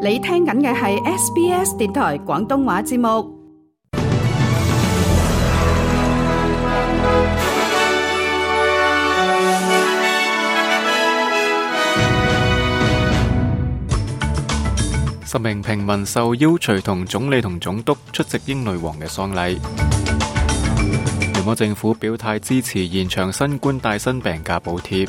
你聽緊嘅係 SBS 電台廣東話節目。十名平民受邀隨同總理同總督出席英女王嘅喪禮。聯邦政府表態支持延長新冠帶薪病假補貼。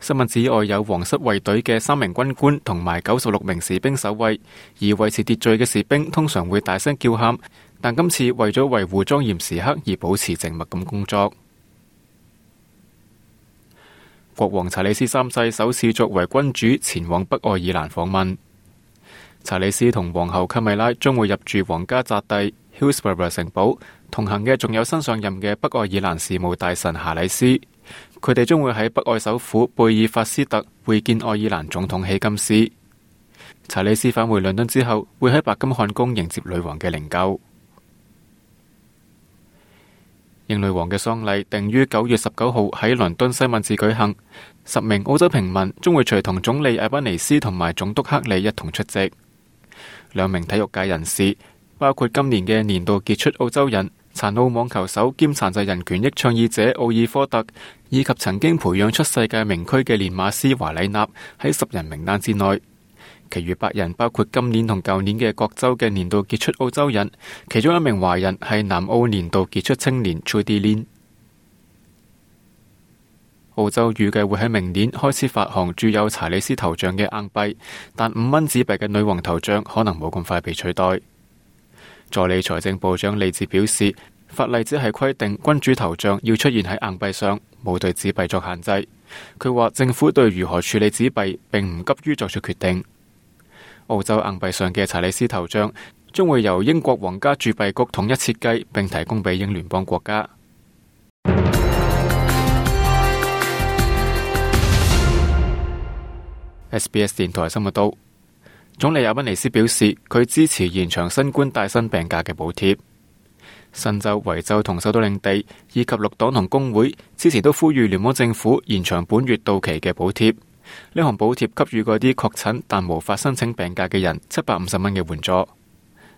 新聞指外有皇室衛隊嘅三名軍官同埋九十六名士兵守衛，而維持秩序嘅士兵通常會大聲叫喊，但今次為咗維護莊嚴時刻而保持靜默咁工作。國王查理斯三世首次作為君主前往北愛爾蘭訪問，查理斯同皇后卡米拉將會入住皇家宅第 Hillsborough 城堡，同行嘅仲有新上任嘅北愛爾蘭事務大臣夏里斯。佢哋將會喺北愛首府貝爾法斯特會見愛爾蘭總統希金斯。查理斯返回倫敦之後，會喺白金漢宮迎接女王嘅靈柩。英女王嘅喪禮定於九月十九號喺倫敦西敏寺舉行。十名澳洲平民將會隨同總理阿班尼斯同埋總督克里一同出席。兩名體育界人士，包括今年嘅年度傑出澳洲人。殘奧網球手兼殘疾人權益倡議者奧爾科特，以及曾經培養出世界名區嘅練馬師華里納，喺十人名單之內。其餘八人包括今年同舊年嘅各州嘅年度傑出澳洲人，其中一名華人係南澳年度傑出青年崔迪連。澳洲預計會喺明年開始發行鑄有查理斯頭像嘅硬幣，但五蚊紙幣嘅女王頭像可能冇咁快被取代。助理財政部長利智表示，法例只係規定君主頭像要出現喺硬幣上，冇對紙幣作限制。佢話政府對如何處理紙幣並唔急於作出決定。澳洲硬幣上嘅查理斯頭像將，將會由英國皇家鑄幣局統一設計，並提供俾英聯邦國家。SBS 電台新聞都。總理阿賓尼斯表示，佢支持延長新冠帶薪病假嘅補貼。新州、維州同首都領地以及綠黨同工會之前都呼籲聯邦政府延長本月到期嘅補貼。呢項補貼給予嗰啲確診但無法申請病假嘅人七百五十蚊嘅援助。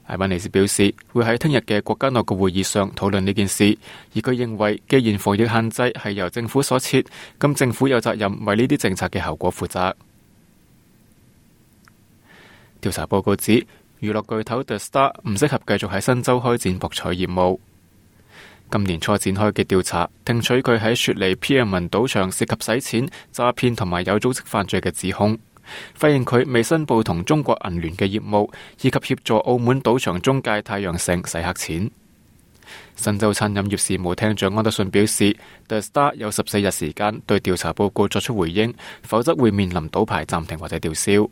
阿賓尼斯表示，會喺聽日嘅國家內閣會議上討論呢件事。而佢認為，既然防疫限制係由政府所設，咁政府有責任為呢啲政策嘅後果負責。調查報告指，娛樂巨頭 The Star 唔適合繼續喺新州開展博彩業務。今年初展開嘅調查，聽取佢喺雪梨 PMN 賭場涉及洗錢、詐騙同埋有組織犯罪嘅指控，發現佢未申報同中國銀聯嘅業務，以及協助澳門賭場中介太陽城洗黑錢。新州餐飲業事務廳長安德遜表示，The Star 有十四日時間對調查報告作出回應，否則會面臨賭牌暫停或者吊銷。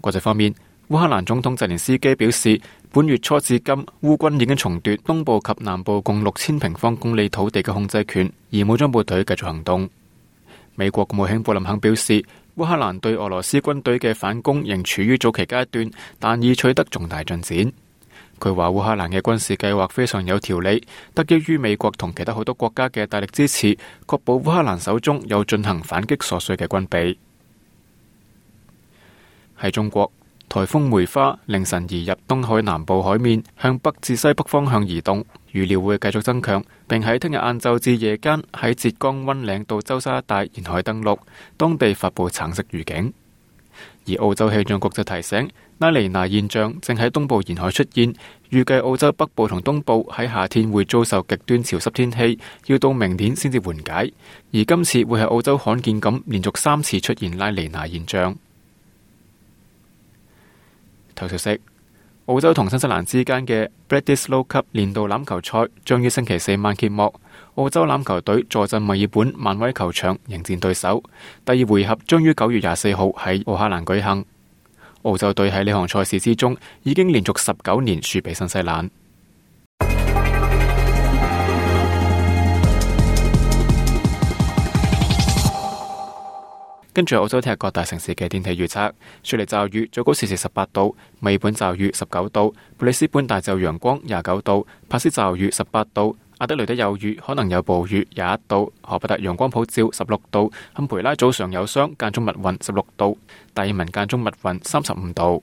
國際方面，烏克蘭總統澤連斯基表示，本月初至今，烏軍已經重奪東部及南部共六千平方公里土地嘅控制權，而武裝部隊繼續行動。美國國務卿布林肯表示，烏克蘭對俄羅斯軍隊嘅反攻仍處於早期階段，但已取得重大進展。佢話，烏克蘭嘅軍事計劃非常有條理，得益於美國同其他好多國家嘅大力支持，確保烏克蘭手中有進行反擊所需嘅軍備。喺中國，颱風梅花凌晨移入東海南部海面，向北至西北方向移動，預料會繼續增強，並喺聽日晏晝至夜間喺浙江溫嶺到舟山一帶沿海登陸，當地發佈橙色預警。而澳洲氣象局就提醒，拉尼娜現象正喺東部沿海出現，預計澳洲北部同東部喺夏天會遭受極端潮濕天氣，要到明年先至緩解，而今次會喺澳洲罕見咁連續三次出現拉尼娜現象。頭條消息：澳洲同新西蘭之間嘅 Bledisloe Cup 年度欖球賽將於星期四晚揭幕。澳洲欖球隊坐鎮墨爾本漫威球場迎戰對手。第二回合將於九月廿四號喺奧克蘭舉行。澳洲隊喺呢項賽事之中已經連續十九年輸俾新西蘭。跟住澳洲踢各大城市嘅天氣預測，雪梨驟雨，最高時是十八度；美本驟雨，十九度；布里斯本大驟陽光廿九度；帕斯驟雨十八度；阿德雷德有雨，可能有暴雨廿一度；荷伯特陽光普照十六度；堪培拉早上有霜，間中密雲十六度；達爾文間中密雲三十五度。